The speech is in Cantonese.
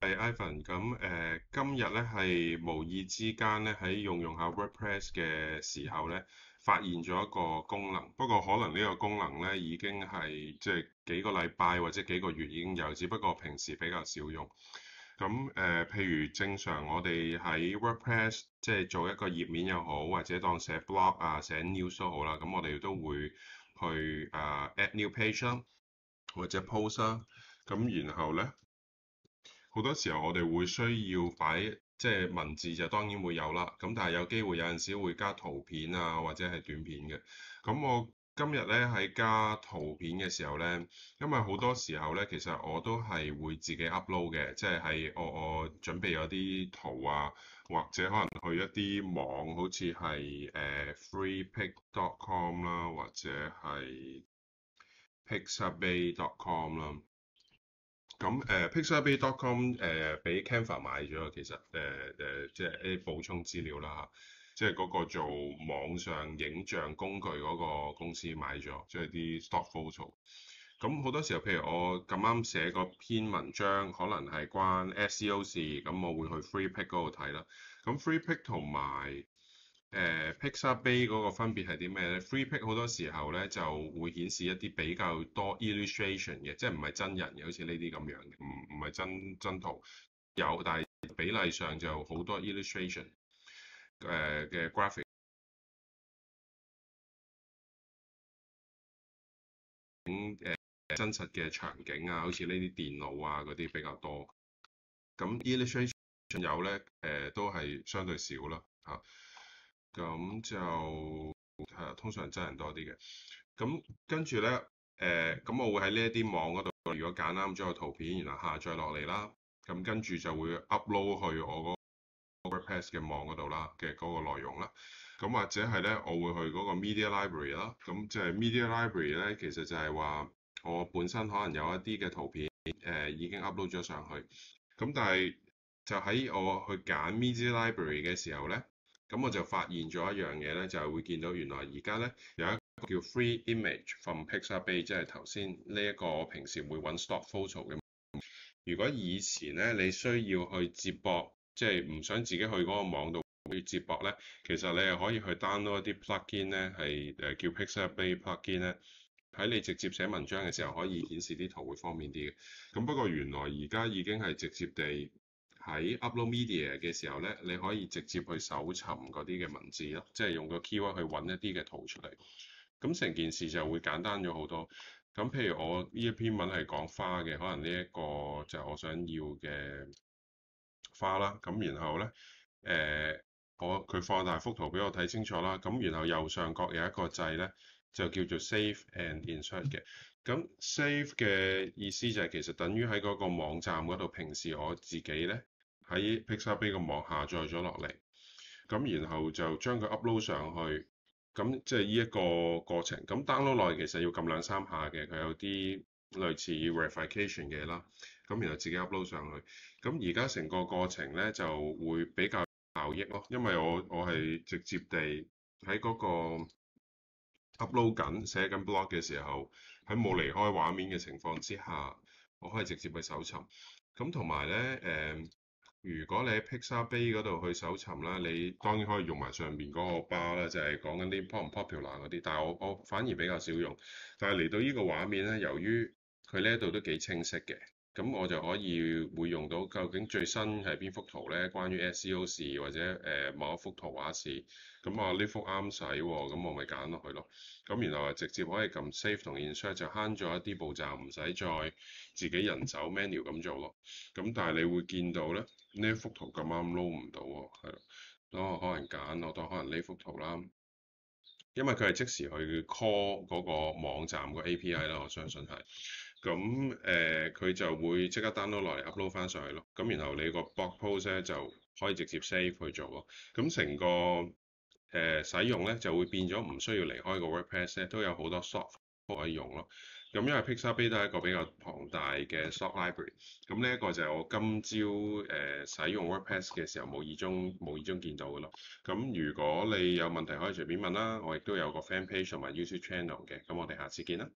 係、hey，Ivan。咁誒，今日咧係無意之間咧，喺用用下 WordPress 嘅時候咧，發現咗一個功能。不過可能呢個功能咧已經係即係幾個禮拜或者幾個月已經有，只不過平時比較少用。咁誒、呃，譬如正常我哋喺 WordPress 即係做一個頁面又好，或者當寫 blog 啊、寫 news 都好啦。咁我哋都會去啊、uh, add new page 啦、啊，或者 post 啦。咁然後咧～好多時候我哋會需要擺，即係文字就當然會有啦。咁但係有機會有陣時會加圖片啊，或者係短片嘅。咁我今日咧喺加圖片嘅時候咧，因為好多時候咧其實我都係會自己 upload 嘅，即係喺我我準備咗啲圖啊，或者可能去一啲網，好似係誒、呃、freepik.com 啦，或者係 pixabay.com 啦。咁誒、uh, Pixabay.com 誒、uh, 俾 Canva 買咗，其實誒誒即係一啲補充資料啦嚇，即係嗰個做網上影像工具嗰個公司買咗，即係啲 Stock Photo。咁好多時候，譬如我咁啱寫個篇文章，可能係關 SEO 事，咁我會去 FreePik 嗰度睇啦。咁 FreePik 同埋。誒、uh,，Pixabay 嗰個分別係啲咩咧 Freepik 好多時候咧就會顯示一啲比較多 illustration 嘅，即係唔係真人嘅，好似呢啲咁樣嘅，唔唔係真真圖。有，但係比例上就好多 illustration 誒、呃、嘅 graphic 景、呃、真實嘅場景啊，好似呢啲電腦啊嗰啲比較多。咁 illustration 有咧誒、呃，都係相對少啦嚇。啊咁就係、啊、通常真人多啲嘅，咁跟住咧，誒、呃，咁我會喺呢一啲網嗰度，如果揀啱咗個圖片，然後下載落嚟啦，咁跟住就會 upload 去我嗰個 WordPress 嘅網嗰度啦，嘅嗰個內容啦，咁或者係咧，我會去嗰個 Media Library 啦，咁即係 Media Library 咧，其實就係話我本身可能有一啲嘅圖片，誒、呃，已經 upload 咗上去，咁但係就喺我去揀 Media Library 嘅時候咧。咁我就發現咗一樣嘢咧，就係會見到原來而家咧有一個叫 Free Image from Pixabay，即係頭先呢一個我平時會揾 stock photo 嘅。如果以前咧你需要去接駁，即係唔想自己去嗰個網度去接駁咧，其實你係可以去 download 一啲 plugin 咧，係誒叫 Pixabay plugin 咧，喺你直接寫文章嘅時候可以顯示啲圖會方便啲嘅。咁不過原來而家已經係直接地。喺 upload media 嘅時候咧，你可以直接去搜尋嗰啲嘅文字咯，即係用個 keyword 去揾一啲嘅圖出嚟。咁成件事就會簡單咗好多。咁譬如我呢一篇文係講花嘅，可能呢一個就係我想要嘅花啦。咁然後咧，誒、欸、我佢放大幅圖俾我睇清楚啦。咁然後右上角有一個掣咧，就叫做 save and insert 嘅。咁 save 嘅意思就係、是、其實等於喺嗰個網站嗰度，平時我自己咧。喺 Pixabay 個網下載咗落嚟，咁然後就將佢 upload 上，上去，咁即係呢一個過程。咁 download 落其實要撳兩三下嘅，佢有啲類似 verification 嘅啦。咁然後自己 upload 上，上去。咁而家成個過程咧就會比較效益咯，因為我我係直接地喺嗰個 upload 緊寫緊 blog 嘅時候，喺冇離開畫面嘅情況之下，我可以直接去搜尋。咁同埋咧，誒、嗯。如果你喺 Pixabay 嗰度去搜尋啦，你當然可以用埋上面嗰個巴啦，就係講緊啲 pop 唔 popular 嗰啲，但係我我反而比較少用。但係嚟到呢個畫面咧，由於佢呢一度都幾清晰嘅。咁我就可以會用到究竟最新係邊幅圖咧？關於 SEO 或者誒、呃、某一幅圖畫是咁啊？呢幅啱使喎，咁我咪揀落去咯。咁原來直接可以撳 Save 同 Insert 就慳咗一啲步驟，唔使再自己人手 manual 咁做咯。咁但係你會見到咧，呢一幅圖咁啱 load 唔到喎，係咁我可能揀落都可能呢幅圖啦。因為佢係即時去 call 嗰個網站個 API 啦，我相信係，咁誒佢就會即刻 download 落嚟 upload 返上去咯，咁然後你個 blog post 咧就可以直接 save 去做咯，咁成個誒、呃、使用咧就會變咗唔需要離開個 WordPress 咧，都有好多 soft。可以用咯，咁因為 Pixabay 都係一個比較龐大嘅 stock library，咁呢一個就係我今朝誒、呃、使用 WordPress 嘅時候無意中無意中見到嘅咯，咁如果你有問題可以隨便問啦，我亦都有個 fan page 同埋 YouTube channel 嘅，咁我哋下次見啦。